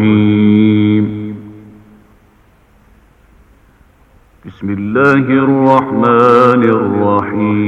الرحيم بسم الله الرحمن الرحيم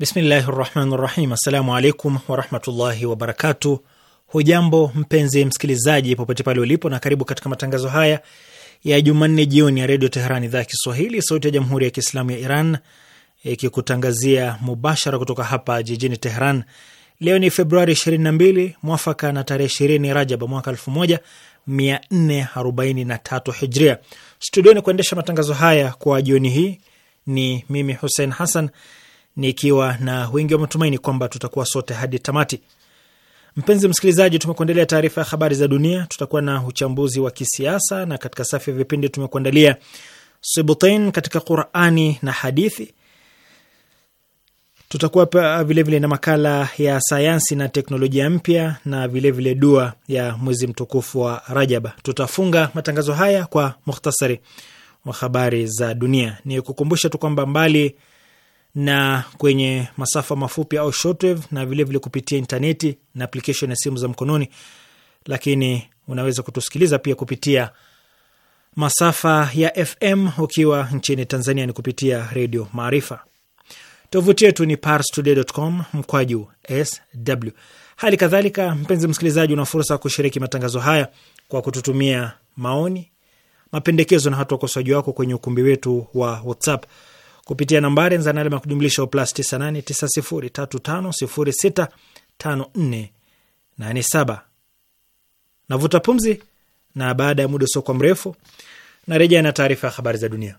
Bismillahi rahmani rahim. Assalamu alaikum warahmatullahi wabarakatu. Hujambo mpenzi msikilizaji, popote pale ulipo, na karibu katika matangazo haya ya Jumanne jioni ya Redio Teheran, idhaa ya Kiswahili, sauti ya Jamhuri ya Kiislamu ya Iran, ikikutangazia mubashara kutoka hapa jijini Teheran. Leo ni Februari 22 mwafaka na tarehe 20 Rajab mwaka 1443 Hijria. Studioni kuendesha matangazo haya kwa jioni hii ni mimi Hussein Hassan nikiwa na wingi wa matumaini kwamba tutakuwa sote hadi tamati. Mpenzi msikilizaji, tumekuandalia taarifa ya habari za dunia, tutakuwa na uchambuzi wa kisiasa, na katika safu ya vipindi tumekuandalia Sibutain katika Qurani na hadithi. Tutakuwa vilevile vile na makala ya sayansi na teknolojia mpya na vilevile vile dua ya mwezi mtukufu wa Rajab. Tutafunga matangazo haya kwa mukhtasari wa habari za dunia. Ni kukumbusha tu kwamba mbali na kwenye masafa mafupi au shortwave, na vilevile vile kupitia intaneti na application ya simu za mkononi, lakini unaweza kutusikiliza pia kupitia masafa ya FM ukiwa nchini Tanzania ni kupitia Redio Maarifa. Tovuti yetu ni parstoday.com mkwaju sw. Hali kadhalika, mpenzi msikilizaji, una fursa ya kushiriki matangazo haya kwa kututumia maoni, mapendekezo na hata ukosoaji wako kwenye ukumbi wetu wa WhatsApp kupitia nambari ya nzanalama ya kujumlisha plus 989035065487. Navuta pumzi, na baada ya muda usiokuwa mrefu narejea na taarifa ya habari za dunia.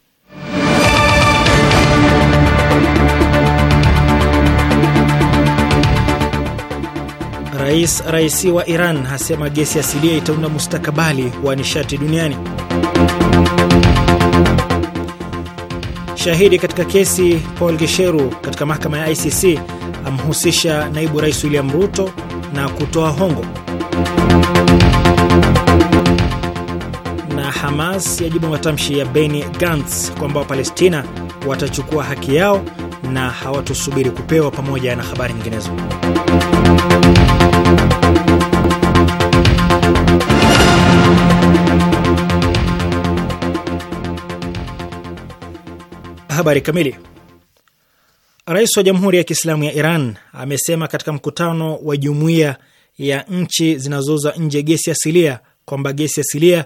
Rais Raisi wa Iran hasema gesi asilia itaunda mustakabali wa nishati duniani. Shahidi katika kesi Paul Gisheru katika mahakama ya ICC amhusisha naibu rais William Ruto na kutoa hongo. Na Hamas yajibu matamshi ya Benny Gantz kwamba Wapalestina watachukua haki yao na hawatusubiri kupewa, pamoja na habari nyinginezo. Habari kamili. Rais wa Jamhuri ya Kiislamu ya Iran amesema katika mkutano wa Jumuiya ya nchi zinazouza nje gesi asilia kwamba gesi asilia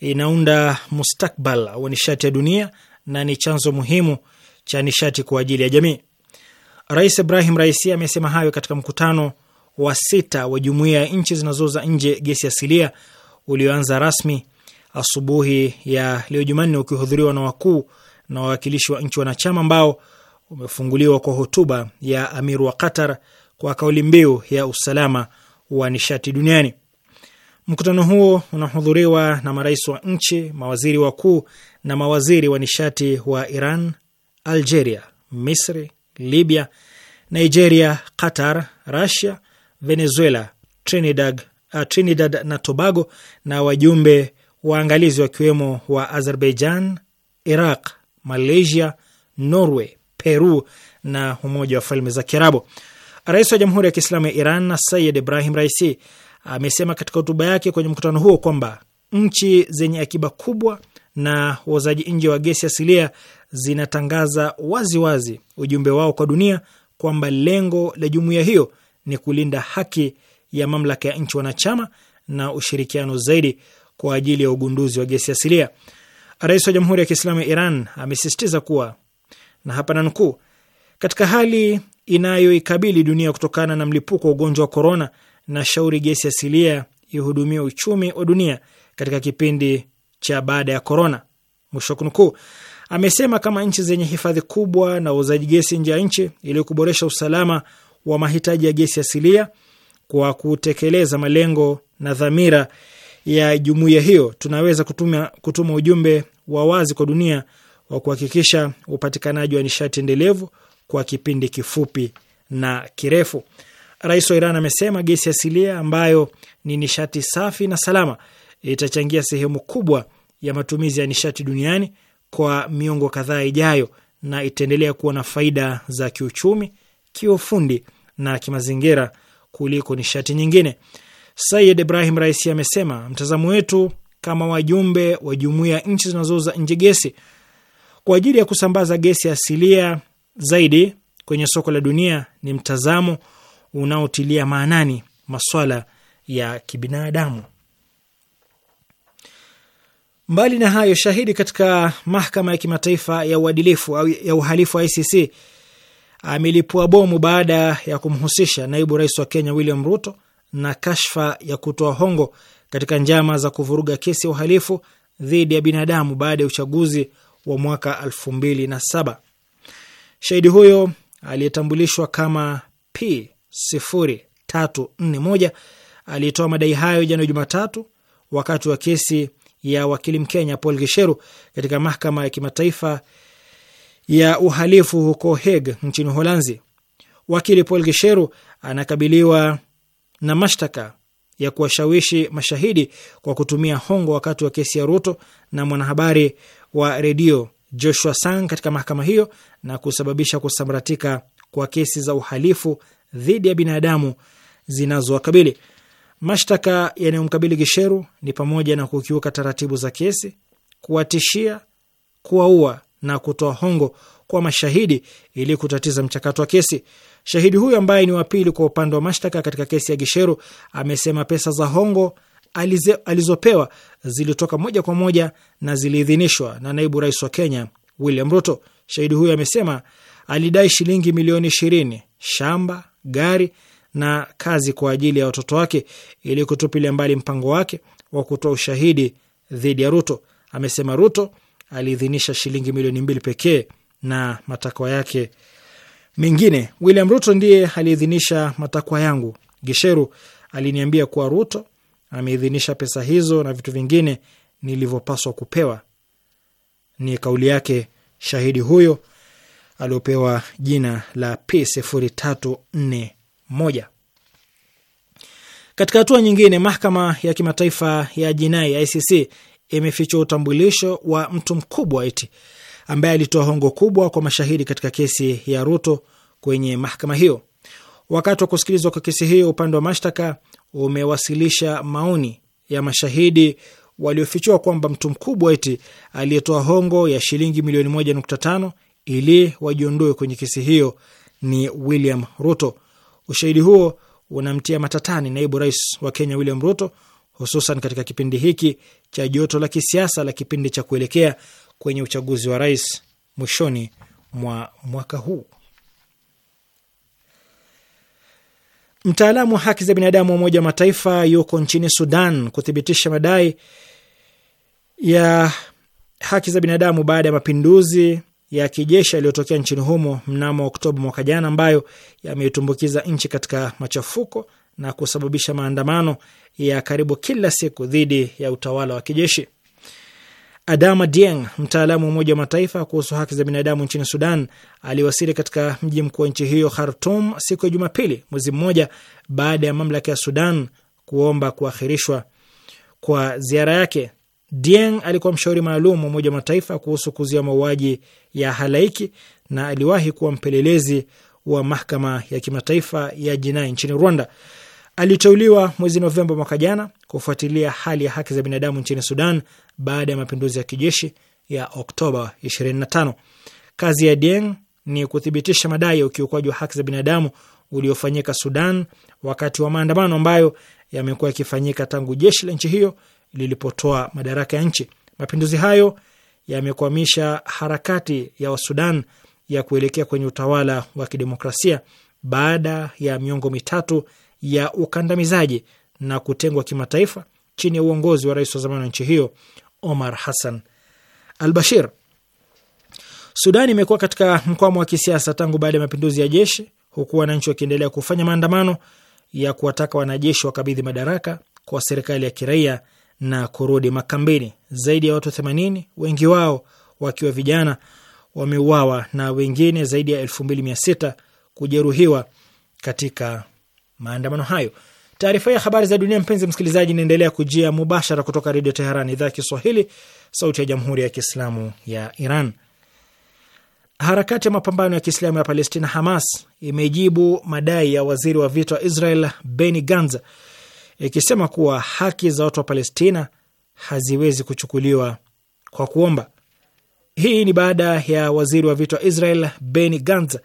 inaunda mustakbal wa nishati ya dunia na ni chanzo muhimu cha nishati kwa ajili ya jamii. Rais Ibrahim Raisi amesema hayo katika mkutano wa sita wa Jumuiya ya nchi zinazouza nje gesi asilia ulioanza rasmi asubuhi ya leo Jumanne, ukihudhuriwa na wakuu na wawakilishi wa nchi wanachama ambao umefunguliwa kwa hotuba ya Amir wa Qatar kwa kauli mbiu ya usalama wa nishati duniani. Mkutano huo unahudhuriwa na marais wa nchi, mawaziri wakuu na mawaziri wa nishati wa Iran, Algeria, Misri, Libya, Nigeria, Qatar, Russia, Venezuela, Trinidad, uh, Trinidad na Tobago na wajumbe waangalizi wakiwemo wa Azerbaijan, Iraq, Malaysia, Norway, Peru na Umoja wa Falme za Kiarabu. Rais wa Jamhuri ya Kiislamu ya Iran Sayid Ibrahim Raisi amesema katika hotuba yake kwenye mkutano huo kwamba nchi zenye akiba kubwa na wauzaji nje wa gesi asilia zinatangaza waziwazi wazi ujumbe wao kwa dunia kwamba lengo la jumuiya hiyo ni kulinda haki ya mamlaka ya nchi wanachama na ushirikiano zaidi kwa ajili ya ugunduzi wa gesi asilia. Rais wa Jamhuri ya Kiislamu ya Iran amesisitiza kuwa na hapa nukuu, katika hali inayoikabili dunia kutokana na mlipuko wa ugonjwa wa korona, na shauri gesi asilia ihudumia uchumi wa dunia katika kipindi cha baada ya korona, mwisho kunukuu. Amesema kama nchi zenye hifadhi kubwa na uuzaji gesi nje ya nchi, ili kuboresha usalama wa mahitaji ya gesi asilia kwa kutekeleza malengo na dhamira ya jumuiya hiyo tunaweza kutuma, kutuma ujumbe wa wazi kwa dunia wa kuhakikisha upatikanaji wa nishati endelevu kwa kipindi kifupi na kirefu. Rais wa Iran amesema gesi asilia ambayo ni nishati safi na salama itachangia sehemu kubwa ya matumizi ya nishati duniani kwa miongo kadhaa ijayo na itaendelea kuwa na faida za kiuchumi, kiufundi na kimazingira kuliko nishati nyingine. Sayid Ibrahim Raisi amesema mtazamo wetu kama wajumbe wa jumuiya ya nchi zinazouza nje gesi kwa ajili ya kusambaza gesi asilia zaidi kwenye soko la dunia ni mtazamo unaotilia maanani maswala ya kibinadamu. Mbali na hayo, shahidi katika mahakama ya kimataifa ya uadilifu au ya uhalifu wa ICC amelipua bomu baada ya kumhusisha naibu rais wa Kenya William Ruto na kashfa ya kutoa hongo katika njama za kuvuruga kesi ya uhalifu dhidi ya binadamu baada ya uchaguzi wa mwaka elfu mbili na saba. Shahidi huyo aliyetambulishwa kama P sifuri tatu nne moja aliyetoa madai hayo jana Jumatatu wakati wa kesi ya wakili Mkenya Paul Gisheru katika mahakama ya kimataifa ya uhalifu huko Hague nchini Uholanzi. Wakili Paul Gisheru anakabiliwa na mashtaka ya kuwashawishi mashahidi kwa kutumia hongo wakati wa kesi ya Ruto na mwanahabari wa redio Joshua Sang katika mahakama hiyo na kusababisha kusambaratika kwa kesi za uhalifu dhidi ya binadamu zinazowakabili. Mashtaka yanayomkabili Gisheru ni pamoja na kukiuka taratibu za kesi, kuwatishia, kuwaua na kutoa hongo kwa mashahidi ili kutatiza mchakato wa kesi. Shahidi huyu ambaye ni wa pili kwa upande wa mashtaka katika kesi ya Gisheru amesema pesa za hongo alize, alizopewa zilitoka moja kwa moja na ziliidhinishwa na naibu rais wa Kenya William Ruto. Shahidi huyo amesema alidai shilingi milioni ishirini, shamba, gari na kazi kwa ajili ya watoto wake ili kutupilia mbali mpango wake wa kutoa ushahidi dhidi ya Ruto. Amesema Ruto aliidhinisha shilingi milioni mbili pekee na matakwa yake mengine. William Ruto ndiye aliidhinisha matakwa yangu. Gisheru aliniambia kuwa Ruto ameidhinisha pesa hizo na vitu vingine nilivyopaswa kupewa. Ni kauli yake shahidi huyo aliopewa jina la P0341. Katika hatua nyingine, mahakama ya kimataifa ya jinai ICC imefichua utambulisho wa mtu mkubwa iti ambaye alitoa hongo kubwa kwa mashahidi katika kesi ya Ruto kwenye mahakama hiyo. Wakati wa kusikilizwa kwa kesi hiyo, upande wa mashtaka umewasilisha maoni ya mashahidi waliofichua kwamba mtu mkubwa eti aliyetoa hongo ya shilingi milioni moja nukta tano ili wajiondoe kwenye kesi hiyo ni William Ruto. Ushahidi huo unamtia matatani naibu rais wa Kenya William Ruto, hususan katika kipindi hiki cha joto la kisiasa la kipindi cha kuelekea kwenye uchaguzi wa rais mwishoni mwa mwaka huu. Mtaalamu wa haki za binadamu wa Umoja wa Mataifa yuko nchini Sudan kuthibitisha madai ya haki za binadamu baada ya mapinduzi ya kijeshi yaliyotokea nchini humo mnamo Oktoba mwaka jana, ambayo yameitumbukiza nchi katika machafuko na kusababisha maandamano ya karibu kila siku dhidi ya utawala wa kijeshi. Adama Dieng, mtaalamu wa Umoja wa Mataifa kuhusu haki za binadamu nchini Sudan, aliwasili katika mji mkuu wa nchi hiyo Khartum siku ya Jumapili, mwezi mmoja baada ya mamlaka ya Sudan kuomba kuahirishwa kwa ziara yake. Dieng alikuwa mshauri maalum wa Umoja wa Mataifa kuhusu kuzuia mauaji ya halaiki na aliwahi kuwa mpelelezi wa mahakama ya kimataifa ya jinai nchini Rwanda aliteuliwa mwezi Novemba mwaka jana kufuatilia hali ya haki za binadamu nchini Sudan baada ya mapinduzi ya kijeshi ya Oktoba 25. Kazi ya Dieng ni kuthibitisha madai ya ukiukwaji wa haki za binadamu uliofanyika Sudan wakati wa maandamano ambayo yamekuwa yakifanyika tangu jeshi la nchi hiyo lilipotoa madaraka ya nchi. Mapinduzi hayo yamekwamisha harakati ya Wasudan ya kuelekea kwenye utawala wa kidemokrasia baada ya miongo mitatu ya ukandamizaji na kutengwa kimataifa chini ya uongozi wa rais wa zamani wa nchi hiyo Omar Hassan al-Bashir. Sudan imekuwa katika mkwamo wa kisiasa tangu baada ya mapinduzi ya jeshi, huku wananchi wakiendelea kufanya maandamano ya kuwataka wanajeshi wakabidhi madaraka kwa serikali ya kiraia na kurudi makambini. Zaidi ya watu 80 wengi wao wakiwa vijana wameuawa na wengine zaidi ya 2600 kujeruhiwa katika maandamano hayo. Taarifa ya habari za dunia, mpenzi msikilizaji, inaendelea kujia mubashara kutoka Redio Teheran, idhaa ya Kiswahili, sauti ya jamhuri ya kiislamu ya Iran. Harakati ya mapambano ya kiislamu ya Palestina, Hamas, imejibu madai ya waziri wa vita wa Israel Beni Gantz ikisema kuwa haki za watu wa Palestina haziwezi kuchukuliwa kwa kuomba. Hii ni baada ya waziri wa vita wa Israel Beni Gantz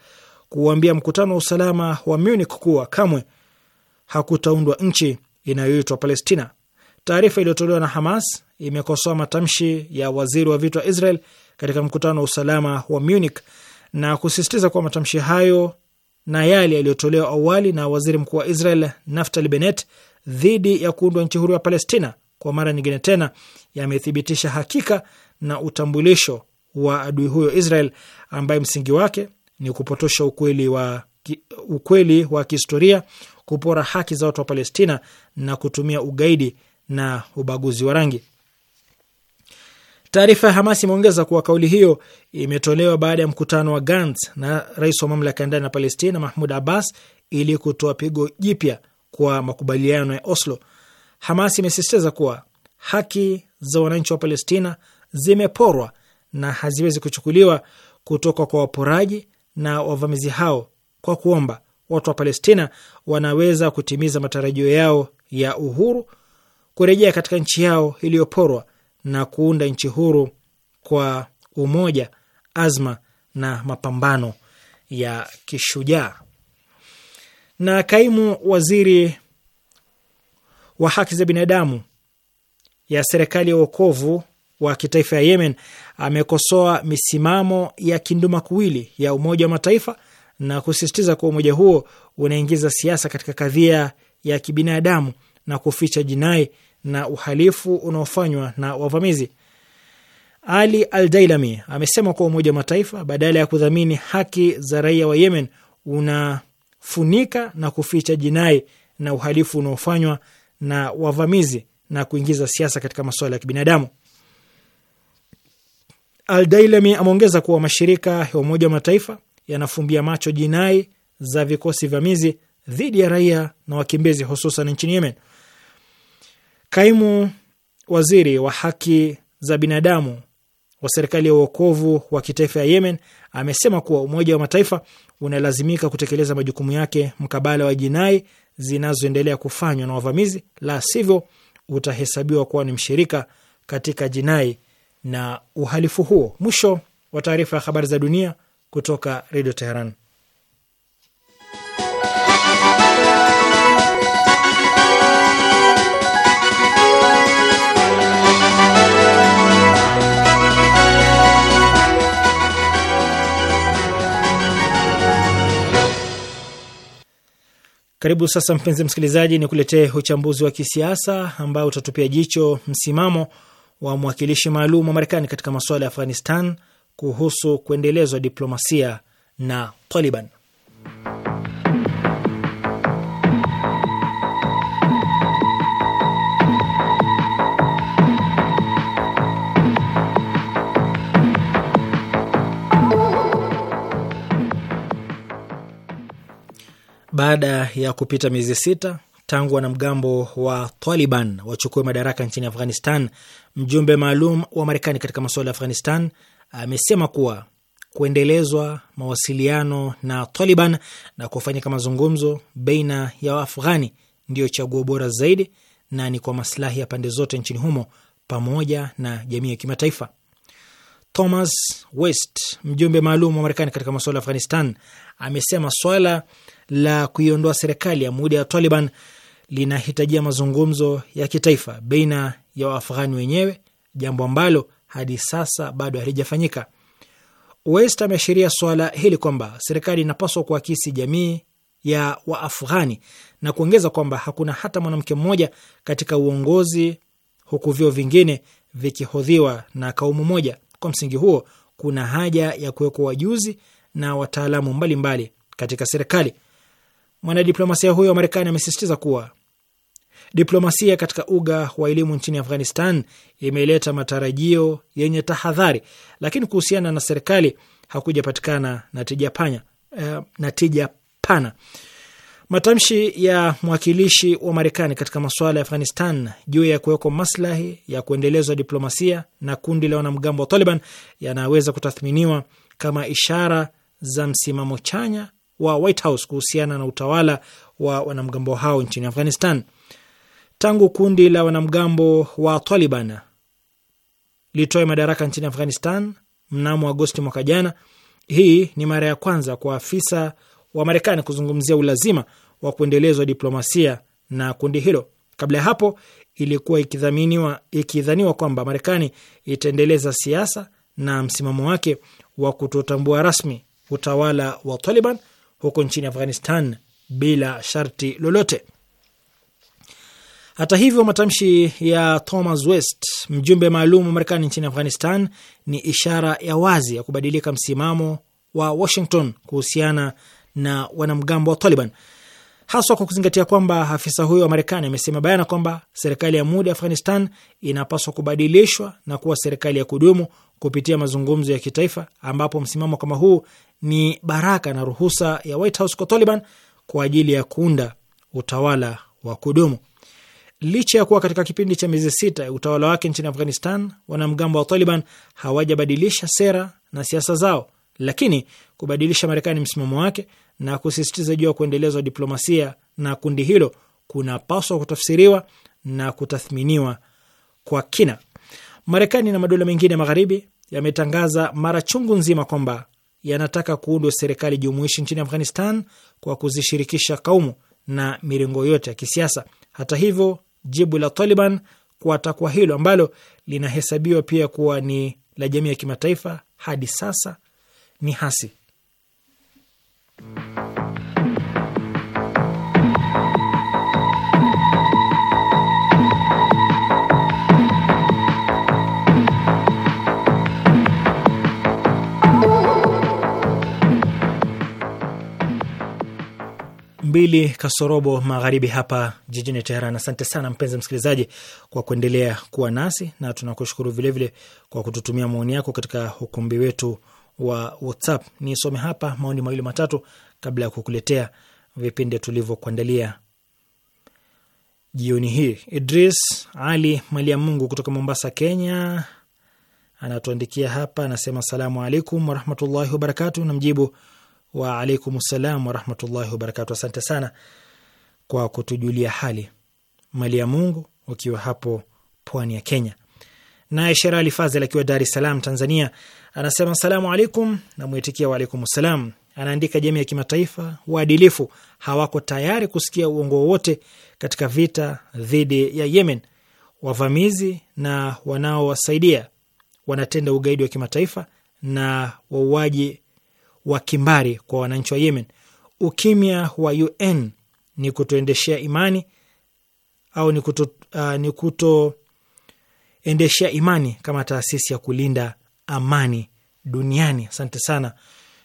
kuuambia mkutano wa usalama wa Munich kuwa kamwe hakutaundwa nchi inayoitwa Palestina. Taarifa iliyotolewa na Hamas imekosoa matamshi ya waziri wa vita wa Israel katika mkutano wa usalama wa Munich na kusisitiza kuwa matamshi hayo na yale yaliyotolewa awali na waziri mkuu wa Israel Naftali Bennett dhidi ya kuundwa nchi huru ya Palestina kwa mara nyingine tena yamethibitisha hakika na utambulisho wa adui huyo Israel ambaye msingi wake ni kupotosha ukweli wa, ukweli wa kihistoria kupora haki za watu wa Palestina na kutumia ugaidi na ubaguzi wa rangi. Taarifa ya Hamas imeongeza kuwa kauli hiyo imetolewa baada ya mkutano wa Gantz na rais wa mamlaka ya ndani ya Palestina Mahmud Abbas ili kutoa pigo jipya kwa makubaliano ya Oslo. Hamas imesisitiza kuwa haki za wananchi wa Palestina zimeporwa na haziwezi kuchukuliwa kutoka kwa waporaji na wavamizi hao, kwa kuomba watu wa Palestina wanaweza kutimiza matarajio yao ya uhuru, kurejea katika nchi yao iliyoporwa na kuunda nchi huru kwa umoja, azma na mapambano ya kishujaa. Na kaimu waziri wa haki za binadamu ya serikali ya uokovu wa kitaifa ya Yemen amekosoa misimamo ya kinduma kuwili ya Umoja wa Mataifa na kusisitiza kuwa umoja huo unaingiza siasa katika kadhia ya kibinadamu na kuficha jinai na uhalifu unaofanywa na wavamizi. Ali Al-Dailami amesema kuwa Umoja wa Mataifa badala ya kudhamini haki za raia wa Yemen unafunika na kuficha jinai na uhalifu unaofanywa na wavamizi na kuingiza siasa katika masuala ya kibinadamu. Al-Dailami ameongeza kuwa mashirika ya Umoja wa Mataifa yanafumbia macho jinai za vikosi vamizi dhidi ya raia na wakimbizi hususan nchini Yemen. Kaimu waziri wa haki za binadamu wa serikali ya uokovu wa kitaifa ya Yemen amesema kuwa Umoja wa Mataifa unalazimika kutekeleza majukumu yake mkabala wa jinai zinazoendelea kufanywa na wavamizi, la sivyo utahesabiwa kuwa ni mshirika katika jinai na uhalifu huo. Mwisho wa taarifa ya habari za dunia kutoka Redio Teheran. Karibu sasa, mpenzi msikilizaji, ni kuletee uchambuzi wa kisiasa ambao utatupia jicho msimamo wa mwakilishi maalum wa Marekani katika masuala ya Afghanistan kuhusu kuendelezwa diplomasia na Taliban. Baada ya kupita miezi sita tangu wanamgambo wa Taliban wachukue madaraka nchini Afghanistan, mjumbe maalum wa Marekani katika masuala ya Afghanistan amesema kuwa kuendelezwa mawasiliano na Taliban na kufanyika mazungumzo baina ya Waafghani ndiyo chaguo bora zaidi na ni kwa maslahi ya pande zote nchini humo pamoja na jamii ya kimataifa. Thomas West, mjumbe maalum wa Marekani katika masuala ya Afghanistan, amesema swala la kuiondoa serikali ya muda ya Taliban linahitajia mazungumzo ya kitaifa baina ya Waafghani wenyewe, jambo ambalo hadi sasa bado halijafanyika. West ameashiria swala hili kwamba serikali inapaswa kuakisi jamii ya Waafghani na kuongeza kwamba hakuna hata mwanamke mmoja katika uongozi, huku vyo vingine vikihodhiwa na kaumu moja. Kwa msingi huo, kuna haja ya kuwekwa wajuzi na wataalamu mbalimbali katika serikali. Mwanadiplomasia huyo wa Marekani amesisitiza kuwa Diplomasia katika uga wa elimu nchini Afghanistan imeleta matarajio yenye tahadhari, lakini kuhusiana na serikali hakujapatikana natija panya, uh, eh, natija pana. Matamshi ya mwakilishi wa Marekani katika masuala ya Afghanistan juu ya kuwekwa maslahi ya kuendelezwa diplomasia na kundi la wanamgambo wa Taliban yanaweza kutathminiwa kama ishara za msimamo chanya wa White House kuhusiana na utawala wa wanamgambo hao nchini Afghanistan tangu kundi la wanamgambo wa Taliban litoe madaraka nchini Afghanistan mnamo Agosti mwaka jana. Hii ni mara ya kwanza kwa afisa wa Marekani kuzungumzia ulazima wa kuendelezwa diplomasia na kundi hilo. Kabla ya hapo, ilikuwa ikidhaminiwa ikidhaniwa kwamba Marekani itaendeleza siasa na msimamo wake wa kutotambua rasmi utawala wa Taliban huko nchini Afghanistan bila sharti lolote. Hata hivyo, matamshi ya Thomas West, mjumbe maalum wa Marekani nchini Afghanistan, ni ishara ya wazi ya kubadilika msimamo wa Washington kuhusiana na wanamgambo wa Taliban, haswa kwa kuzingatia kwamba afisa huyo wa Marekani amesema bayana kwamba serikali ya muda ya Afghanistan inapaswa kubadilishwa na kuwa serikali ya kudumu kupitia mazungumzo ya kitaifa, ambapo msimamo kama huu ni baraka na ruhusa ya White House kwa Taliban kwa ajili ya kuunda utawala wa kudumu licha ya kuwa katika kipindi cha miezi sita ya utawala wake nchini Afghanistan, wanamgambo wa Taliban hawajabadilisha sera na siasa zao, lakini kubadilisha Marekani msimamo wake na kusisitiza juu ya kuendelezwa diplomasia na kundi hilo kunapaswa kutafsiriwa na kutathminiwa kwa kina. Marekani na madola mengine magharibi yametangaza mara chungu nzima kwamba yanataka kuundwa serikali jumuishi nchini Afghanistan kwa kuzishirikisha kaumu na miringo yote ya kisiasa. Hata hivyo jibu la Taliban kwa takwa hilo ambalo linahesabiwa pia kuwa ni la jamii ya kimataifa hadi sasa ni hasi. mbili kasorobo magharibi hapa jijini Teheran. Asante sana mpenzi msikilizaji kwa kuendelea kuwa nasi na tunakushukuru vilevile kwa kututumia maoni yako katika ukumbi wetu wa WhatsApp. Nisome hapa maoni mawili matatu kabla ya kukuletea vipindi tulivyokuandalia jioni hii. Idris Ali ya Mungu kutoka Mombasa, Kenya anatuandikia hapa, anasema salamu alaikum warahmatullahi wabarakatu. Namjibu wa alaikum salam warahmatullahi wabarakatu. Asante sana kwa kutujulia hali mali ya Mungu wakiwa hapo pwani ya Kenya. Naye Sherali Fazel akiwa Dar es Salaam, Tanzania, anasema salamu alaikum, namwitikia waalaikum salam. Anaandika, jamii ya kimataifa waadilifu hawako tayari kusikia uongo wowote katika vita dhidi ya Yemen. Wavamizi na wanaowasaidia wanatenda ugaidi wa kimataifa na wauaji wa kimbari kwa wananchi wa Yemen. Ukimya wa UN ni kutoendeshea imani au ni kuto, uh, ni kutoendeshea imani kama taasisi ya kulinda amani duniani. Asante sana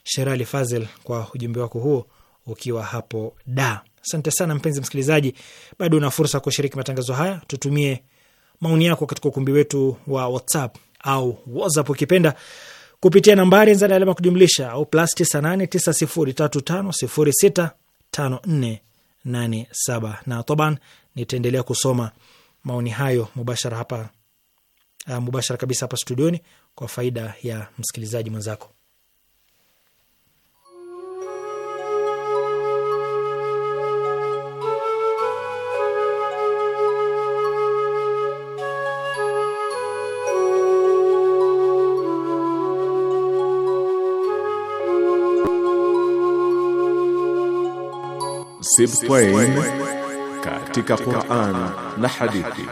Sherali Fazel kwa ujumbe wako huo ukiwa hapo da. Asante sana mpenzi msikilizaji, bado una fursa kushiriki matangazo haya. Tutumie maoni yako katika ukumbi wetu wa WhatsApp au WhatsApp ukipenda kupitia nambari za alama kujumlisha au plus 989035065487 na toban, nitaendelea kusoma maoni hayo mubashara hapa, uh, mubashara kabisa hapa studioni kwa faida ya msikilizaji mwenzako. Sibtain katika Qur'an na hadithi.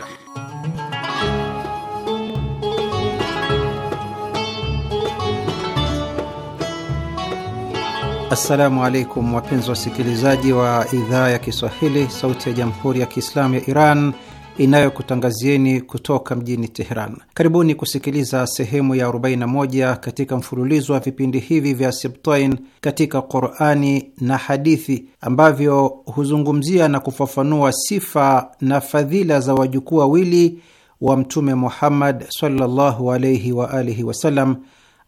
Assalamu alaikum wapenzi wasikilizaji wa idhaa ya Kiswahili sauti ya Jamhuri ya Kiislamu ya Iran inayokutangazieni kutoka mjini Teheran. Karibuni kusikiliza sehemu ya 41 katika mfululizo wa vipindi hivi vya Sibtain katika Qurani na hadithi ambavyo huzungumzia na kufafanua sifa na fadhila za wajukuu wawili wa Mtume Muhammad sallallahu wa alihi wasallam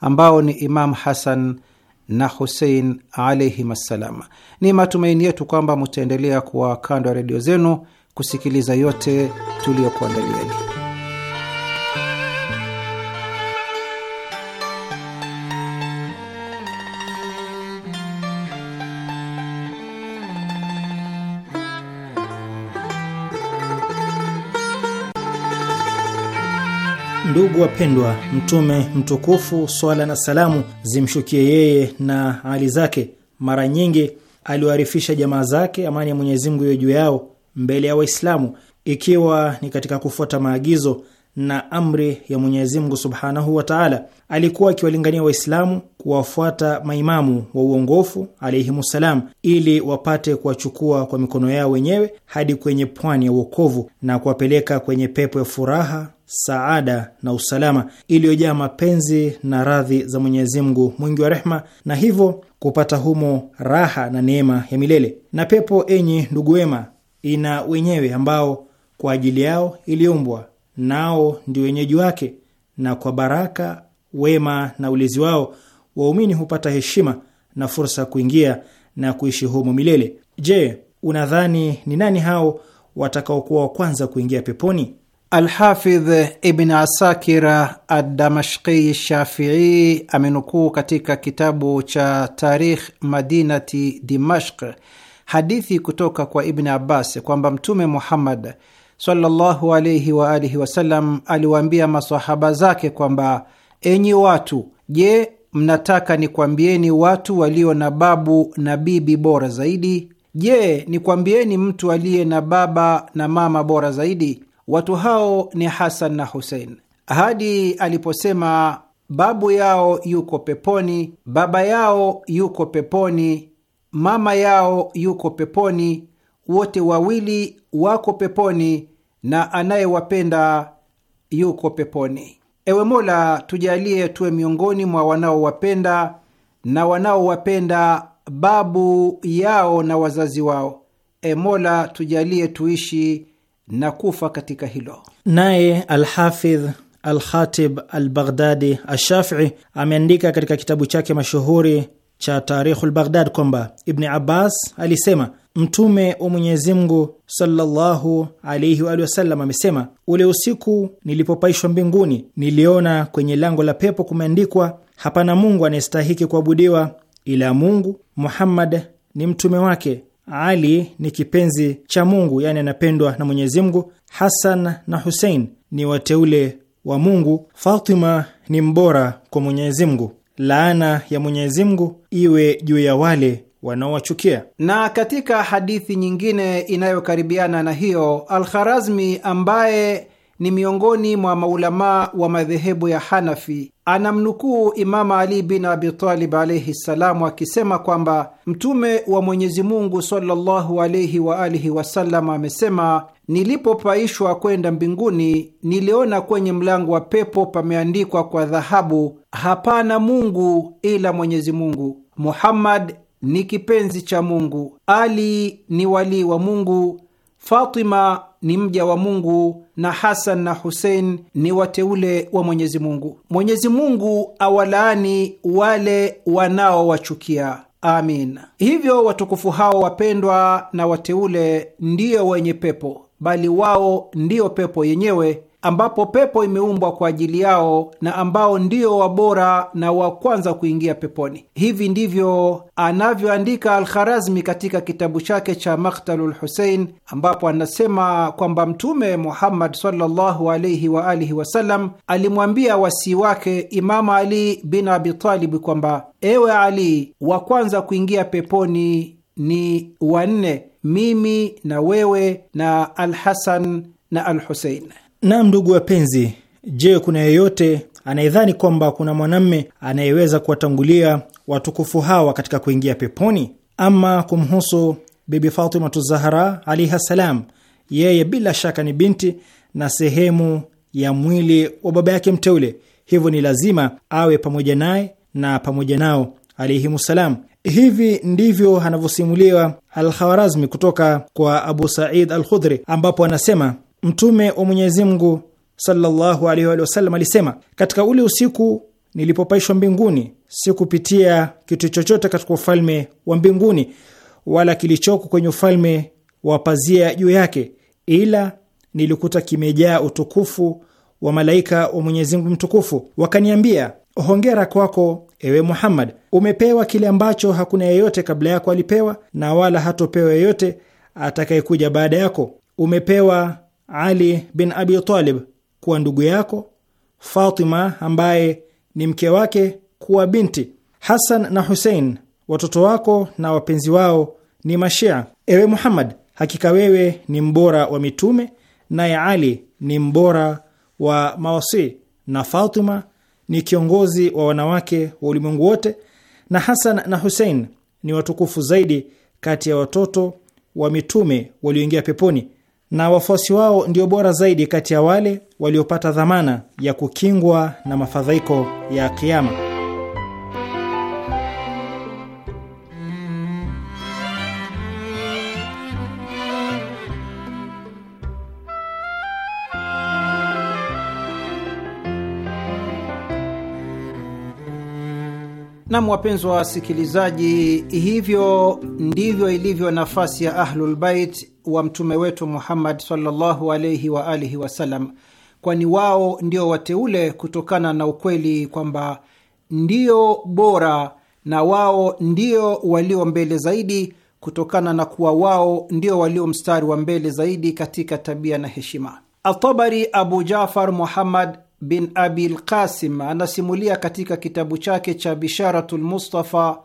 ambao ni Imam Hasan na Husein alaihim assalam. Ni matumaini yetu kwamba mutaendelea kuwa kando ya redio zenu kusikiliza yote tuliyokuandalieni. Ndugu wapendwa, Mtume mtukufu swala na salamu zimshukie yeye na ali zake, mara nyingi aliwaarifisha jamaa zake, amani ya Mwenyezi Mungu iwe juu yao mbele ya Waislamu, ikiwa ni katika kufuata maagizo na amri ya Mwenyezi Mungu Subhanahu wa Ta'ala. Alikuwa akiwalingania Waislamu kuwafuata maimamu wa uongofu alaihimussalam, ili wapate kuwachukua kwa mikono yao wenyewe hadi kwenye pwani ya uokovu na kuwapeleka kwenye pepo ya furaha, saada na usalama iliyojaa mapenzi na radhi za Mwenyezi Mungu mwingi wa rehma, na hivyo kupata humo raha na neema ya milele na pepo. Enyi ndugu wema ina wenyewe ambao kwa ajili yao iliumbwa, nao ndio wenyeji wake, na kwa baraka, wema na ulezi wao waumini hupata heshima na fursa ya kuingia na kuishi humo milele. Je, unadhani ni nani hao watakaokuwa wa kwanza kuingia peponi? Alhafidh Ibn Asakira Adamashqi Shafii amenukuu katika kitabu cha Tarikh Madinati Dimashq hadithi kutoka kwa Ibn Abbas kwamba Mtume Muhammad sallallahu alayhi wa alihi wasallam aliwaambia masahaba zake kwamba, enyi watu, je, mnataka nikwambieni watu walio na babu na bibi bora zaidi? Je, nikwambieni mtu aliye na baba na mama bora zaidi? Watu hao ni Hasan na Husein, hadi aliposema babu yao yuko peponi, baba yao yuko peponi mama yao yuko peponi, wote wawili wako peponi na anayewapenda yuko peponi. Ewe Mola, tujalie tuwe miongoni mwa wanaowapenda na wanaowapenda babu yao na wazazi wao. E Mola, tujalie tuishi na kufa katika hilo. Naye Alhafidh Alkhatib Albaghdadi Ashafii ameandika katika kitabu chake mashuhuri cha Tarikhul Baghdad kwamba Ibni Abbas alisema Mtume wa Mwenyezi Mungu sallallahu wa sallam amesema, ule usiku nilipopaishwa mbinguni niliona kwenye lango la pepo kumeandikwa, hapana Mungu anayestahiki kuabudiwa ila Mungu, Muhammad ni mtume wake, Ali ni kipenzi cha Mungu, yaani anapendwa na Mwenyezi Mungu, Hasan na Husein ni wateule wa Mungu, Fatima ni mbora kwa Mwenyezi Mungu laana ya Mwenyezi Mungu iwe juu ya wale wanaowachukia. Na katika hadithi nyingine inayokaribiana na hiyo, Alkharazmi ambaye ni miongoni mwa maulamaa wa madhehebu ya Hanafi anamnukuu Imama Ali bin Abitalib alaihi ssalamu akisema kwamba Mtume wa Mwenyezi Mungu sallallahu alaihi wasallam amesema, nilipopaishwa kwenda mbinguni niliona kwenye mlango wa pepo pameandikwa kwa dhahabu, hapana Mungu ila Mwenyezi Mungu, Muhammad ni kipenzi cha Mungu, Ali ni walii wa Mungu, Fatima ni mja wa Mungu na Hasan na Husein ni wateule wa Mwenyezi Mungu. Mwenyezi Mungu awalaani wale wanaowachukia. Amin. Hivyo watukufu hao wapendwa na wateule ndiyo wenye pepo, bali wao ndiyo pepo yenyewe ambapo pepo imeumbwa kwa ajili yao na ambao ndio wabora na wa kwanza kuingia peponi. Hivi ndivyo anavyoandika Alkharazmi katika kitabu chake cha Maktalul Husein, ambapo anasema kwamba Mtume Muhammad sallallahu alaihi wa alihi wasallam alimwambia wasii wake Imamu Ali bin Abitalibi kwamba ewe Ali, wa kwanza kuingia peponi ni wanne, mimi na wewe na Alhasan na Alhusein. Naam, ndugu wapenzi, je, kuna yeyote anayedhani kwamba kuna mwanamme anayeweza kuwatangulia watukufu hawa katika kuingia peponi? Ama kumhusu Bibi Fatimatu Zahra alaihi ssalam yeye bila shaka ni binti na sehemu ya mwili wa baba yake mteule, hivyo ni lazima awe pamoja naye na pamoja nao alaihimu ssalam. Hivi ndivyo anavyosimuliwa Alkhawarazmi kutoka kwa Abu Said Al Khudri, ambapo anasema Mtume wa Mwenyezi Mungu sallallahu alaihi alisema, katika ule usiku nilipopaishwa mbinguni sikupitia kitu chochote katika ufalme wa mbinguni wala kilichoko kwenye ufalme wa pazia juu yake, ila nilikuta kimejaa utukufu wa malaika wa Mwenyezi Mungu mtukufu. Wakaniambia, hongera kwako ewe Muhammad, umepewa kile ambacho hakuna yeyote kabla yako alipewa, na wala hatopewa yeyote atakayekuja baada yako. Umepewa ali bin Abi Talib kuwa ndugu yako, Fatima ambaye ni mke wake kuwa binti, Hasan na Husein watoto wako na wapenzi wao ni Mashia. Ewe Muhammad, hakika wewe ni mbora wa mitume, naye Ali ni mbora wa mawasi na Fatima ni kiongozi wa wanawake wa ulimwengu wote, na Hasan na Husein ni watukufu zaidi kati ya watoto wa mitume walioingia peponi na wafuasi wao ndio bora zaidi kati ya wale waliopata dhamana ya kukingwa na mafadhaiko ya Kiama. Nam, wapenzi wa wasikilizaji, hivyo ndivyo ilivyo nafasi ya Ahlulbait wa mtume wetu Muhammad sallallahu alaihi wa alihi wasallam, kwani wao ndio wateule kutokana na ukweli kwamba ndio bora na wao ndio walio mbele zaidi kutokana na kuwa wao ndio walio mstari wa mbele zaidi katika tabia na heshima. Atabari Abu Jafar Muhammad bin Abil Qasim anasimulia katika kitabu chake cha Bisharatul Mustafa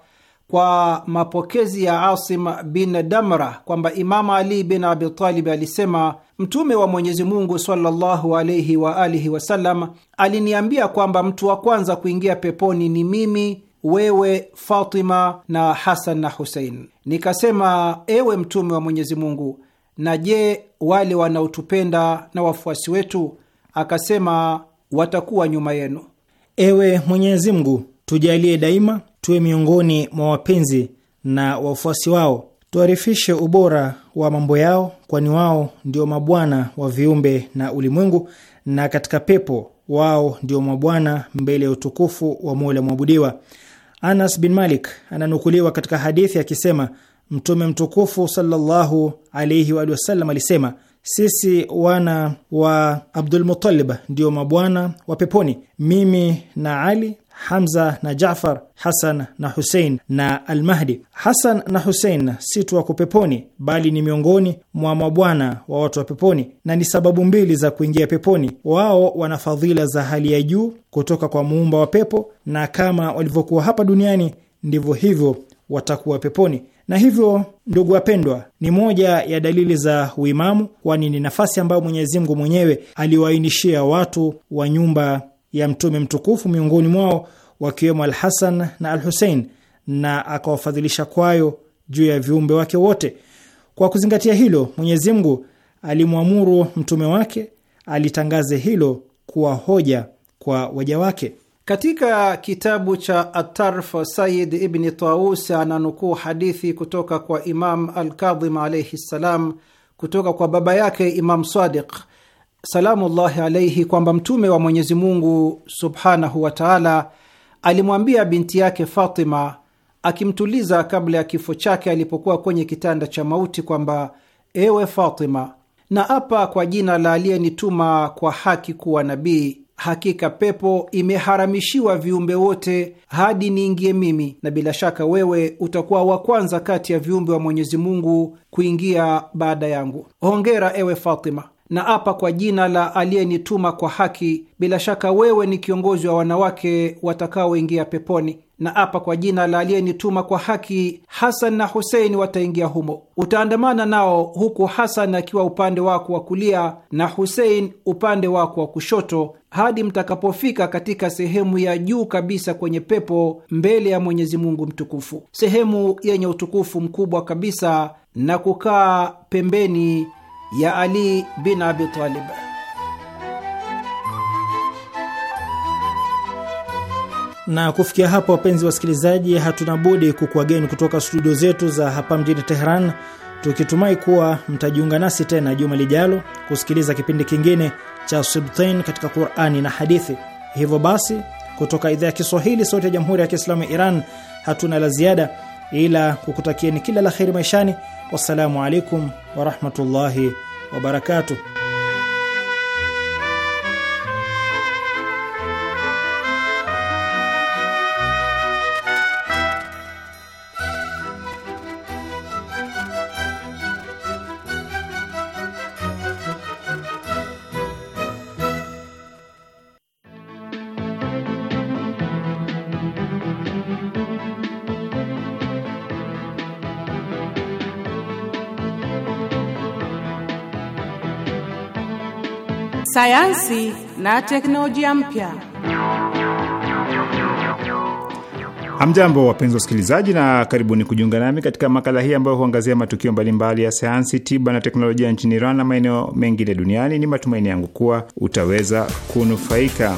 kwa mapokezi ya Asim bin Damra kwamba Imamu Ali bin Abitalib alisema Mtume wa Mwenyezi Mungu sallallahu alaihi wa alihi wasallam aliniambia kwamba mtu wa kwanza kuingia peponi ni mimi, wewe, Fatima na Hasan na Husein. Nikasema, ewe Mtume wa Mwenyezi Mungu, na je, wale wanaotupenda na wafuasi wetu? Akasema, watakuwa nyuma yenu. Ewe Mwenyezi Mungu, tujalie daima tuwe miongoni mwa wapenzi na wafuasi wao, tuarifishe ubora wa mambo yao, kwani wao ndio mabwana wa viumbe na ulimwengu, na katika pepo wao ndio mabwana mbele ya utukufu wa Mola mwabudiwa. Anas bin Malik ananukuliwa katika hadithi akisema, Mtume mtukufu sallallahu alaihi wa wasallam alisema sisi wana wa Abdulmutalib ndio mabwana wa peponi, mimi na Ali, Hamza na Jafar, Hasan na Husein na Almahdi. Hasan na Husein si tu wako peponi, bali ni miongoni mwa mabwana wa watu wa peponi, na ni sababu mbili za kuingia peponi. Wao wana fadhila za hali ya juu kutoka kwa muumba wa pepo, na kama walivyokuwa hapa duniani ndivyo hivyo watakuwa peponi. Na hivyo ndugu wapendwa, ni moja ya dalili za uimamu, kwani ni nafasi ambayo Mwenyezi Mungu mwenyewe aliwaainishia watu wa nyumba ya mtume mtukufu, miongoni mwao wakiwemo Al-Hasan na Al-Husein, na akawafadhilisha kwayo juu ya viumbe wake wote. Kwa kuzingatia hilo, Mwenyezi Mungu alimwamuru mtume wake alitangaze hilo kuwa hoja kwa waja wake. Katika kitabu cha Atarf, Sayid Ibni Taus ananukuu hadithi kutoka kwa Imam Alkadhim alaihi ssalam kutoka kwa baba yake Imam Sadiq salamullahi alaihi kwamba Mtume wa Mwenyezi Mungu subhanahu wa taala alimwambia binti yake Fatima akimtuliza kabla ya kifo chake alipokuwa kwenye kitanda cha mauti kwamba ewe Fatima, na apa kwa jina la aliyenituma kwa haki kuwa nabii Hakika pepo imeharamishiwa viumbe wote hadi niingie mimi, na bila shaka wewe utakuwa wa kwanza kati ya viumbe wa Mwenyezi Mungu kuingia baada yangu. Hongera ewe Fatima, na apa kwa jina la aliyenituma kwa haki, bila shaka wewe ni kiongozi wa wanawake watakaoingia peponi na apa kwa jina la aliyenituma kwa haki, Hasan na Husein wataingia humo. Utaandamana nao huku Hasan akiwa upande wako wa kulia na Husein upande wako wa kushoto hadi mtakapofika katika sehemu ya juu kabisa kwenye pepo mbele ya Mwenyezi Mungu mtukufu, sehemu yenye utukufu mkubwa kabisa, na kukaa pembeni ya Ali bin Abi Talib. Na kufikia hapo, wapenzi wasikilizaji, hatuna budi kukuwageni kutoka studio zetu za hapa mjini Teheran, tukitumai kuwa mtajiunga nasi tena juma lijalo kusikiliza kipindi kingine cha Sibtain katika Qurani na Hadithi. Hivyo basi, kutoka idhaa ya Kiswahili, Sauti ya Jamhuri ya Kiislamu ya Iran, hatuna la ziada ila kukutakieni kila la kheri maishani. Wassalamu alaikum warahmatullahi wabarakatuh. sayansi na teknolojia mpya. Hamjambo, wapenzi wasikilizaji, na karibuni kujiunga nami katika makala hii ambayo huangazia matukio mbalimbali mbali ya sayansi, tiba na teknolojia nchini Iran na maeneo mengine duniani. Ni matumaini yangu kuwa utaweza kunufaika.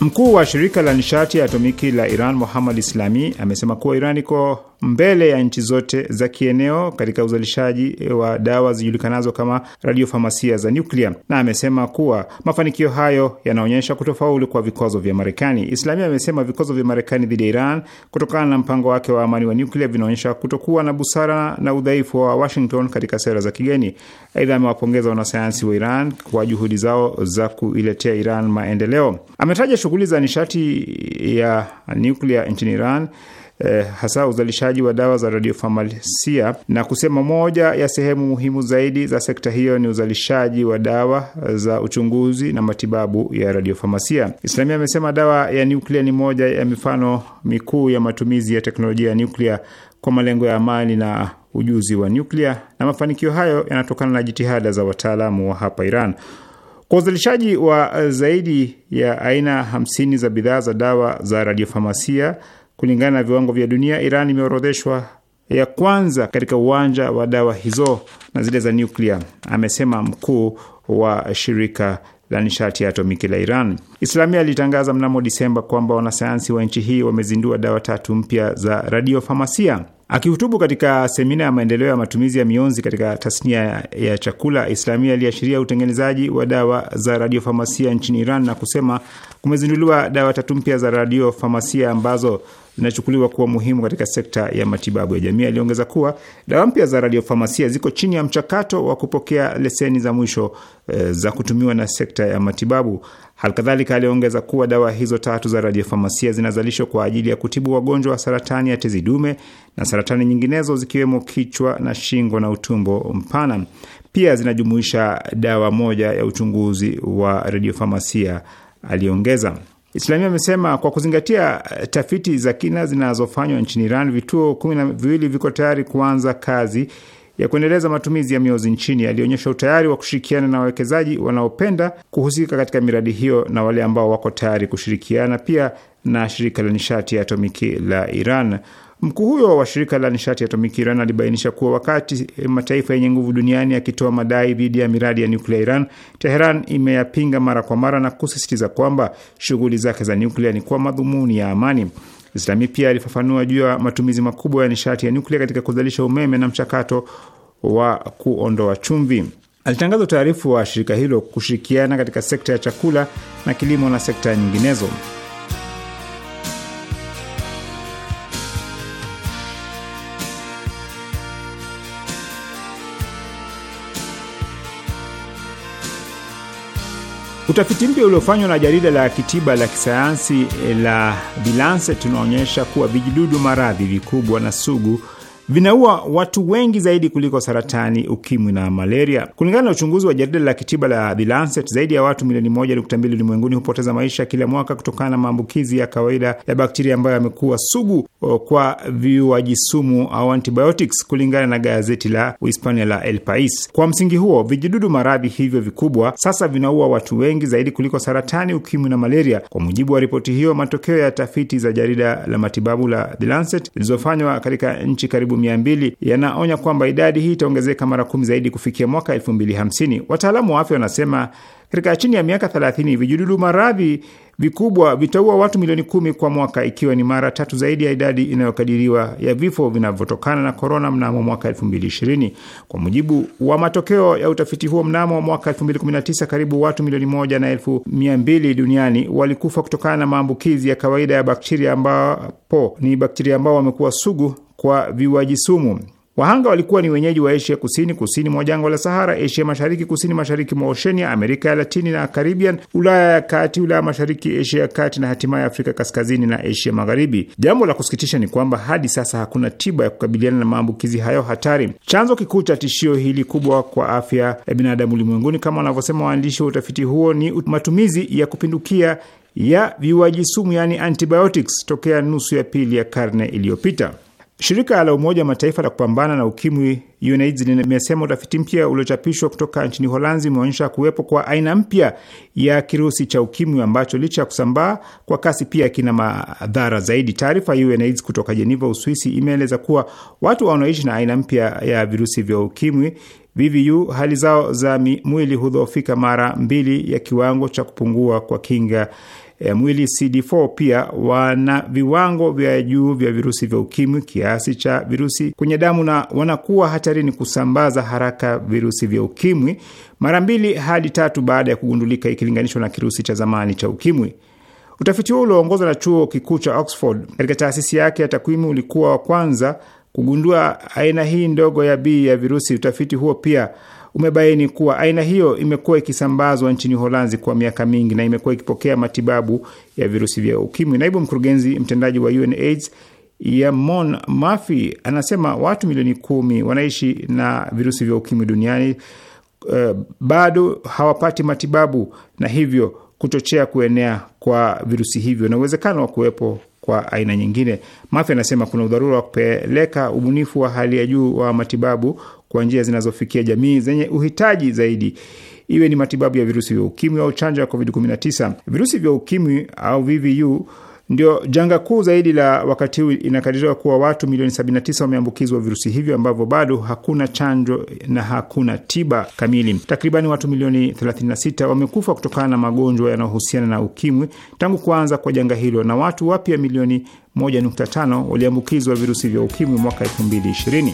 Mkuu wa shirika la nishati ya atomiki la Iran Muhammad Islami amesema kuwa Iran iko mbele ya nchi zote za kieneo katika uzalishaji e, wa dawa zijulikanazo kama radiofarmasia za nyuklia, na amesema kuwa mafanikio hayo yanaonyesha kutofaulu kwa vikwazo vya Marekani. Islamia amesema vikwazo vya Marekani dhidi ya Iran kutokana na mpango wake wa amani wa nyuklia vinaonyesha kutokuwa na busara na udhaifu wa Washington katika sera za kigeni. Aidha, amewapongeza wanasayansi wa Iran kwa juhudi zao za kuiletea Iran maendeleo. Ametaja shughuli za nishati ya nyuklia nchini Iran eh, hasa uzalishaji wa dawa za radiofarmasia na kusema moja ya sehemu muhimu zaidi za sekta hiyo ni uzalishaji wa dawa za uchunguzi na matibabu ya radiofarmasia. Islamia amesema dawa ya nuklia ni moja ya mifano mikuu ya matumizi ya teknolojia ya nuklia kwa malengo ya amani na ujuzi wa nuklia, na mafanikio hayo yanatokana na jitihada za wataalamu wa hapa Iran. Kwa uzalishaji wa zaidi ya aina hamsini za bidhaa za dawa za radiofarmasia Kulingana na viwango vya dunia, Iran imeorodheshwa ya kwanza katika uwanja wa dawa hizo na zile za nyuklia, amesema mkuu wa shirika la nishati ya atomiki la Iran. Islamia alitangaza mnamo Disemba kwamba wanasayansi wa nchi hii wamezindua dawa tatu mpya za radiofamasia. Akihutubu katika semina ya maendeleo ya matumizi ya mionzi katika tasnia ya chakula, Islamia aliashiria utengenezaji wa dawa za radiofamasia nchini Iran na kusema kumezinduliwa dawa tatu mpya za radiofamasia ambazo inachukuliwa kuwa muhimu katika sekta ya matibabu ya jamii. Aliongeza kuwa dawa mpya za radiofarmasia ziko chini ya mchakato wa kupokea leseni za mwisho e, za kutumiwa na sekta ya matibabu. Halikadhalika, aliongeza kuwa dawa hizo tatu za radiofarmasia zinazalishwa kwa ajili ya kutibu wagonjwa wa saratani ya tezi dume na saratani nyinginezo zikiwemo kichwa na shingo na utumbo mpana. Pia zinajumuisha dawa moja ya uchunguzi wa radiofarmasia, aliongeza. Islamia amesema kwa kuzingatia eh, tafiti za kina zinazofanywa nchini Iran, vituo kumi na viwili viko tayari kuanza kazi ya kuendeleza matumizi ya miozi nchini. Alionyesha utayari wa kushirikiana na wawekezaji wanaopenda kuhusika katika miradi hiyo na wale ambao wako tayari kushirikiana pia na shirika la nishati ya atomiki la Iran. Mkuu huyo wa shirika la nishati ya atomiki Iran alibainisha kuwa wakati eh, mataifa yenye nguvu duniani yakitoa madai dhidi ya miradi ya nyuklia Iran, Teheran imeyapinga mara kwa mara na kusisitiza kwamba shughuli zake za nyuklia ni kwa madhumuni ya amani. Islami pia alifafanua juu ya matumizi makubwa ya nishati ya nyuklia katika kuzalisha umeme na mchakato wa kuondoa chumvi. Alitangaza utaarifu wa shirika hilo kushirikiana katika sekta ya chakula na kilimo na sekta nyinginezo. Utafiti mpya uliofanywa na jarida la kitiba la kisayansi eh, la The tunaonyesha kuwa vijidudu maradhi vikubwa na sugu vinaua watu wengi zaidi kuliko saratani, ukimwi na malaria. Kulingana na uchunguzi wa jarida la kitiba la The Lancet, zaidi ya watu milioni moja nukta mbili ulimwenguni hupoteza maisha kila mwaka kutokana na maambukizi ya kawaida ya bakteria ambayo yamekuwa sugu kwa viuaji sumu au antibiotics, kulingana na gazeti la Uhispania la El Pais. Kwa msingi huo, vijidudu maradhi hivyo vikubwa sasa vinaua watu wengi zaidi kuliko saratani, ukimwi na malaria, kwa mujibu wa ripoti hiyo. Matokeo ya tafiti za jarida la matibabu la The Lancet zilizofanywa katika nchi karibu mia mbili yanaonya kwamba idadi hii itaongezeka mara kumi zaidi kufikia mwaka elfu mbili hamsini. Wataalamu wa afya wanasema katika chini ya miaka thelathini vijidudu maradhi vikubwa vitaua watu milioni kumi kwa mwaka ikiwa ni mara tatu zaidi ya idadi inayokadiriwa ya vifo vinavyotokana na korona mnamo mwaka elfu mbili ishirini. Kwa mujibu wa matokeo ya utafiti huo, mnamo mwaka elfu mbili kumi na tisa karibu watu milioni moja na elfu mia mbili duniani walikufa kutokana na maambukizi ya kawaida ya bakteria, ambapo ni bakteria ambao wamekuwa sugu kwa viwajisumu. Wahanga walikuwa ni wenyeji wa Asia kusini kusini mwa jangwa la Sahara, Asia mashariki kusini mashariki mwa Oshenia, Amerika ya Latini na Karibian, Ulaya ya kati, Ulaya mashariki, Asia ya kati na hatimaye Afrika kaskazini na Asia magharibi. Jambo la kusikitisha ni kwamba hadi sasa hakuna tiba ya kukabiliana na maambukizi hayo hatari. Chanzo kikuu cha tishio hili kubwa kwa afya ya binadamu ulimwenguni, kama wanavyosema waandishi wa utafiti huo, ni matumizi ya kupindukia ya viwaji sumu, yaani antibiotics, tokea nusu ya pili ya karne iliyopita. Shirika la Umoja wa Mataifa la kupambana na ukimwi UNAIDS limesema utafiti mpya uliochapishwa kutoka nchini Holanzi umeonyesha kuwepo kwa aina mpya ya kirusi cha ukimwi ambacho licha ya kusambaa kwa kasi pia kina madhara zaidi. Taarifa ya UNAIDS kutoka Jeneva, Uswisi, imeeleza kuwa watu wanaoishi na aina mpya ya virusi vya ukimwi VVU hali zao za mwili hudhoofika mara mbili ya kiwango cha kupungua kwa kinga ya e, mwili CD4 pia wana viwango vya juu vya virusi vya ukimwi, kiasi cha virusi kwenye damu, na wanakuwa hatarini kusambaza haraka virusi vya ukimwi mara mbili hadi tatu baada ya kugundulika ikilinganishwa na kirusi cha zamani cha ukimwi. Utafiti huo ulioongozwa na chuo kikuu cha Oxford katika taasisi yake ya takwimu ulikuwa wa kwanza kugundua aina hii ndogo ya B ya virusi. Utafiti huo pia umebaini kuwa aina hiyo imekuwa ikisambazwa nchini Uholanzi kwa miaka mingi na imekuwa ikipokea matibabu ya virusi vya ukimwi. Naibu mkurugenzi mtendaji wa UNAIDS Yamon Mafi anasema watu milioni kumi wanaishi na virusi vya ukimwi duniani uh, bado hawapati matibabu na hivyo kuchochea kuenea kwa virusi hivyo na uwezekano wa kuwepo kwa aina nyingine. Mafi anasema kuna udharura wa kupeleka ubunifu wa hali ya juu wa matibabu kwa njia zinazofikia jamii zenye uhitaji zaidi, iwe ni matibabu ya virusi vya ukimwi au chanjo ya COVID-19. Virusi vya ukimwi au VVU ndio janga kuu zaidi la wakati huu. Inakadiriwa kuwa watu milioni 79 wameambukizwa virusi hivyo ambavyo bado hakuna chanjo na hakuna tiba kamili. Takribani watu milioni 36 wamekufa kutokana na magonjwa yanayohusiana na ukimwi tangu kuanza kwa janga hilo, na watu wapya milioni 1.5 waliambukizwa virusi vya ukimwi mwaka 2020.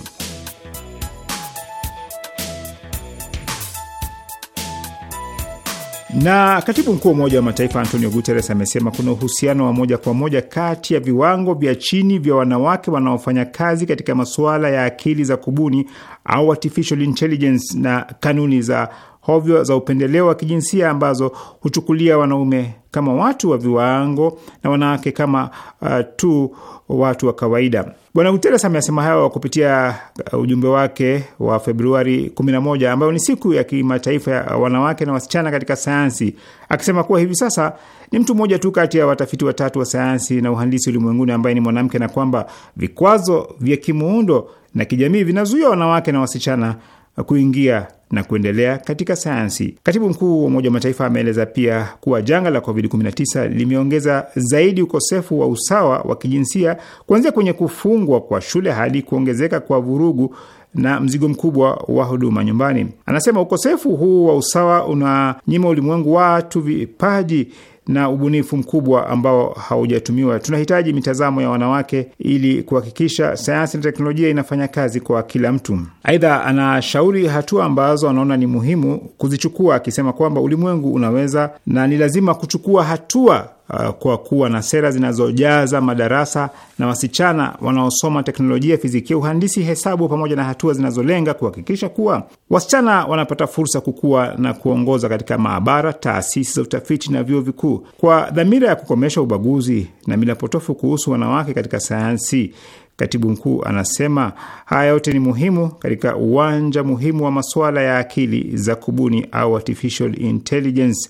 Na katibu mkuu wa Umoja wa Mataifa Antonio Guterres amesema kuna uhusiano wa moja kwa moja kati ya viwango vya chini vya wanawake wanaofanya kazi katika masuala ya akili za kubuni au artificial intelligence na kanuni za hovyo za upendeleo wa kijinsia ambazo huchukulia wanaume kama watu wa viwango na wanawake kama uh, tu watu wa kawaida. Bwana Guteres amesema hayo kupitia uh, ujumbe wake wa Februari 11 ambayo ni siku ya kimataifa ya wanawake na wasichana katika sayansi, akisema kuwa hivi sasa ni mtu mmoja tu kati ya watafiti watatu wa sayansi na uhandisi ulimwenguni ambaye ni mwanamke, na kwamba vikwazo vya kimuundo na kijamii vinazuia wanawake na wasichana kuingia na kuendelea katika sayansi. Katibu mkuu wa Umoja wa Mataifa ameeleza pia kuwa janga la COVID-19 limeongeza zaidi ukosefu wa usawa wa kijinsia, kuanzia kwenye kufungwa kwa shule hadi kuongezeka kwa vurugu na mzigo mkubwa wa huduma nyumbani. Anasema ukosefu huu wa usawa unanyima ulimwengu watu vipaji na ubunifu mkubwa ambao haujatumiwa. Tunahitaji mitazamo ya wanawake ili kuhakikisha sayansi na teknolojia inafanya kazi kwa kila mtu. Aidha, anashauri hatua ambazo anaona ni muhimu kuzichukua, akisema kwamba ulimwengu unaweza na ni lazima kuchukua hatua uh, kwa kuwa na sera zinazojaza madarasa na wasichana wanaosoma teknolojia, fizikia, uhandisi, hesabu pamoja na hatua zinazolenga kuhakikisha kuwa wasichana wanapata fursa kukua na kuongoza katika maabara, taasisi za utafiti na vyuo vikuu kwa dhamira ya kukomesha ubaguzi na mila potofu kuhusu wanawake katika sayansi. Katibu mkuu anasema haya yote ni muhimu katika uwanja muhimu wa masuala ya akili za kubuni au artificial intelligence.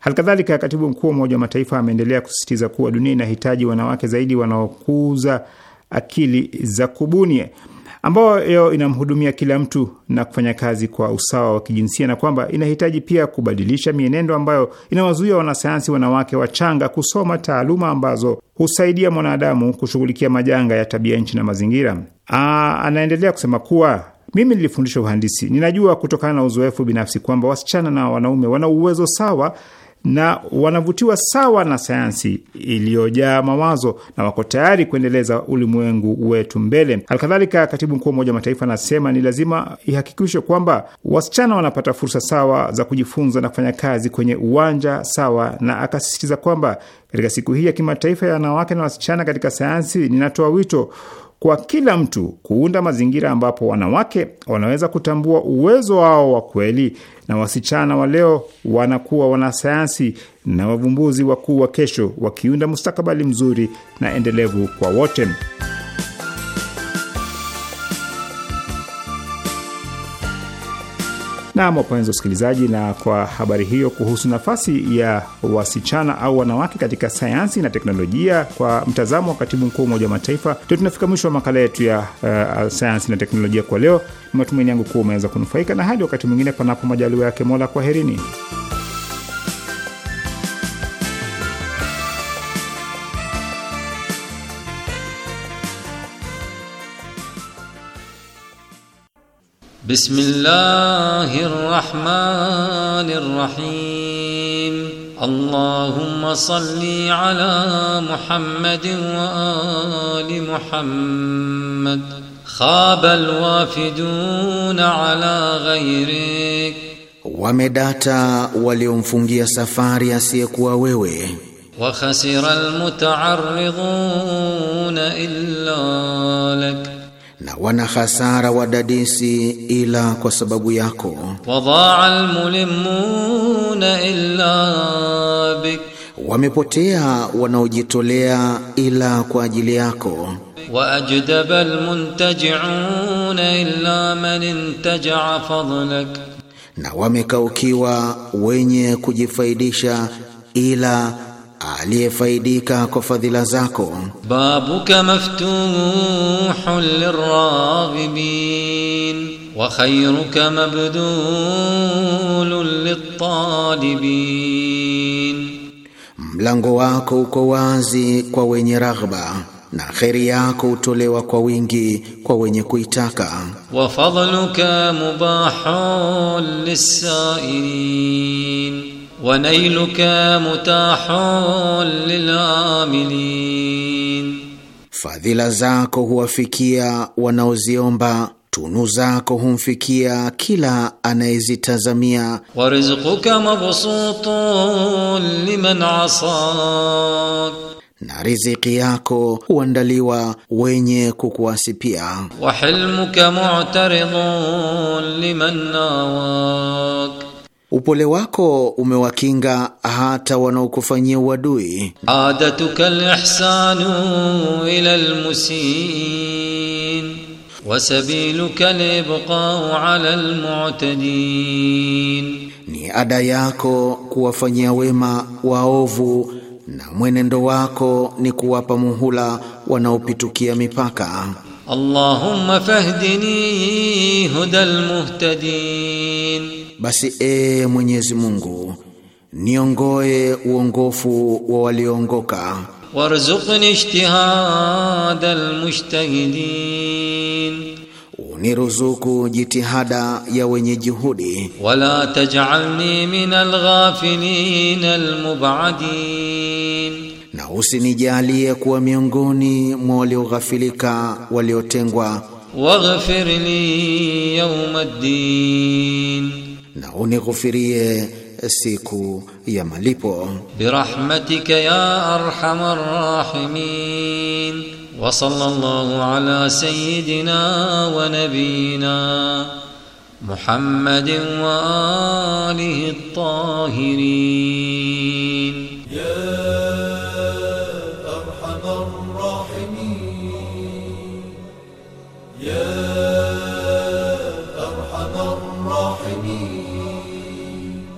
Halikadhalika, katibu mkuu wa Umoja wa Mataifa ameendelea kusisitiza kuwa dunia inahitaji wanawake zaidi wanaokuza akili za kubuni ambayo inamhudumia kila mtu na kufanya kazi kwa usawa wa kijinsia na kwamba inahitaji pia kubadilisha mienendo ambayo inawazuia wanasayansi wanawake wachanga kusoma taaluma ambazo husaidia mwanadamu kushughulikia majanga ya tabia nchi na mazingira. Aa, anaendelea kusema kuwa mimi nilifundisha uhandisi. Ninajua kutokana na uzoefu binafsi kwamba wasichana na wanaume wana uwezo sawa na wanavutiwa sawa na sayansi iliyojaa mawazo na wako tayari kuendeleza ulimwengu wetu mbele. Halikadhalika, katibu mkuu wa Umoja wa Mataifa anasema ni lazima ihakikishwe kwamba wasichana wanapata fursa sawa za kujifunza na kufanya kazi kwenye uwanja sawa, na akasisitiza kwamba katika siku hii ya kimataifa ya wanawake na wasichana katika sayansi, ninatoa wito kwa kila mtu kuunda mazingira ambapo wanawake wanaweza kutambua uwezo wao wa kweli na wasichana wa leo wanakuwa wanasayansi na wavumbuzi wakuu wa kesho, wakiunda mustakabali mzuri na endelevu kwa wote. Naam, wapenzi wasikilizaji, na kwa habari hiyo kuhusu nafasi ya wasichana au wanawake katika sayansi na teknolojia kwa mtazamo wa katibu mkuu wa Umoja wa Mataifa, ndio tunafika mwisho wa makala yetu ya uh, sayansi na teknolojia kwa leo. Ni matumaini yangu kuwa umeweza kunufaika, na hadi wakati mwingine, panapo majaliwa yake Mola, kwaherini. بسم الله الرحمن الرحيم اللهم صل على محمد وآل محمد خاب الوافدون على غيرك ومداتا waliomfungia سفار ياسيك wewe وخسر المتعرضون إلا لك na wana hasara wadadisi ila kwa sababu yako. Wadaa almulimuna illa bik, wamepotea wanaojitolea ila kwa ajili yako. Wa ajdaba almuntajiuna illa man intaja fadlak, na wamekaukiwa wenye kujifaidisha ila aliyefaidika kwa fadhila zako. babuka maftuhun liraghibin wa khayruka mabdulun litalibin, mlango wako uko wazi kwa wenye raghba na kheri yako hutolewa kwa wingi kwa wenye kuitaka. wa fadluka mubahun lisailin ونيلك متاح للعاملين fadhila هو فيكيا ونوزيومبا tunu zako humfikia kila anayezitazamia. warizquka mabsutun liman asak, na riziki yako huandaliwa wenye kukuasipia. wahilmuka mu'taridun liman nawak Upole wako umewakinga hata wanaokufanyia uadui. Adatuka lihsanu ila almusin wasabiluka libqa'u ala lmutadin, ni ada yako kuwafanyia wema waovu na mwenendo wako ni kuwapa muhula wanaopitukia mipaka. Allahumma fahdini hudal muhtadin basi e Mwenyezi Mungu, niongoe uongofu wa walioongoka, warzuqni ijtihad almujtahidin, uniruzuku jitihada ya wenye juhudi, wala taj'alni min alghafilin almub'adin, na usinijalie kuwa miongoni mwa walioghafilika waliotengwa. waghfir li ad-din ddin na unighufirie siku ya malipo birahmatika ya arhamar rahimin wa sallallahu ala sayyidina wa nabina muhammadin wa alihi at-tahirin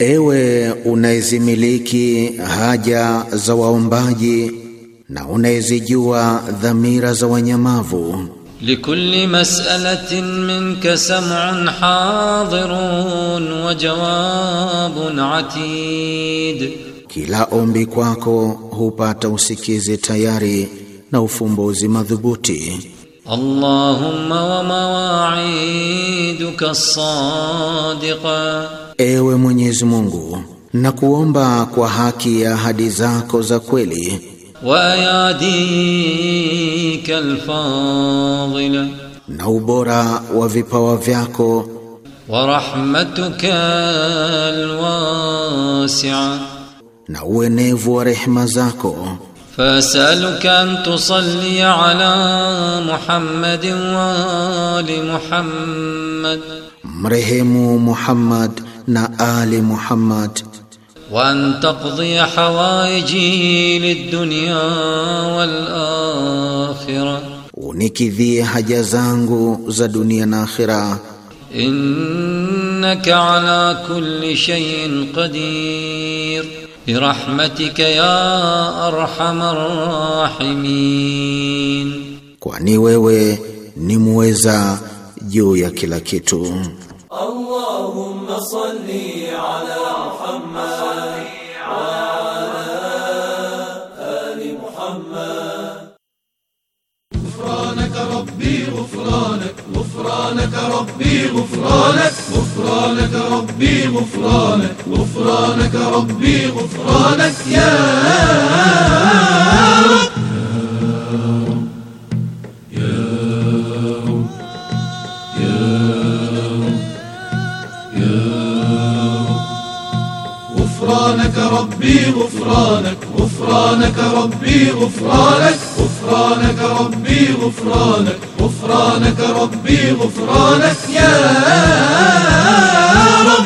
Ewe unayezimiliki haja za waombaji na unayezijua dhamira za wanyamavu. Likulli mas'alatin minka sam'un hadirun wa jawabun atid, kila ombi kwako hupata usikizi tayari na ufumbuzi madhubuti. Allahumma wa mawa'iduka sadiqa Ewe Mwenyezi Mungu, na kuomba kwa haki ya ahadi zako za kweli wa yadika alfadila, na ubora wa vipawa vyako wa rahmatuka alwasi'a, na uenevu wa rehema zako Fasaluka فاسألك أن تصلي على محمد وآل محمد mrehemu Muhammad na ali Muhammad wa antaqdi hawaiji lidunya wal والآخرة unikidhie haja zangu za dunia na akhira innaka ala kulli shay'in qadir birahmatika ya arhamar rahimin kwani wewe ni muweza juu ya kila kitu. Allahumma salli ala Muhammad wa ala ali Muhammad. Ghufranaka rabbi ghufranak ghufranaka rabbi ghufranak ghufranaka rabbi ghufranak ghufranaka rabbi ghufranak ya رب ربي غفرانك غفرانك ربي غفرانك غفرانك ربي غفرانك غفرانك ربي غفرانك يا رب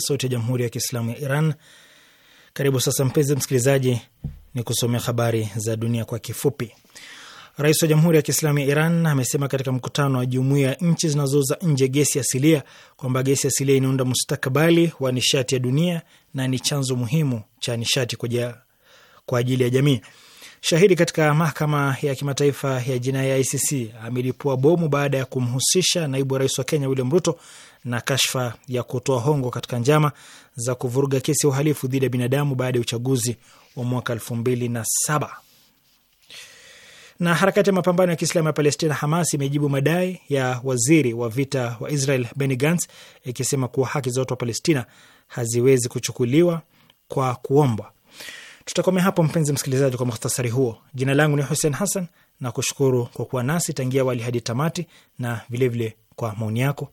sauti ya jamhuri ya kiislamu ya Iran. Karibu sasa, mpenzi msikilizaji, ni kusomea habari za dunia kwa kifupi. Rais wa Jamhuri ya Kiislamu ya Iran amesema katika mkutano wa jumuia ya Nchi Zinazouza Nje Gesi Asilia kwamba gesi asilia inaunda mustakabali wa nishati ya dunia na ni chanzo muhimu cha nishati kwa ajili ya jamii. Shahidi katika mahakama ya kimataifa ya jinai ya ICC amelipua bomu baada ya kumhusisha naibu rais wa Kenya William Ruto na kashfa ya kutoa hongo katika njama za kuvuruga kesi ya uhalifu dhidi ya binadamu baada ya uchaguzi wa mwaka elfu mbili na saba. Na harakati ya mapambano ya Kiislamu ya Palestina Hamas imejibu madai ya waziri wa vita wa Israel Benny Gantz ikisema kuwa haki za watu wa Palestina haziwezi kuchukuliwa kwa kuombwa. Tutakomea hapo mpenzi msikilizaji, kwa mukhtasari huo. Jina langu ni Hussein Hassan na kushukuru kwa kuwa nasi tangia wali hadi tamati, na vilevile vile kwa maoni yako.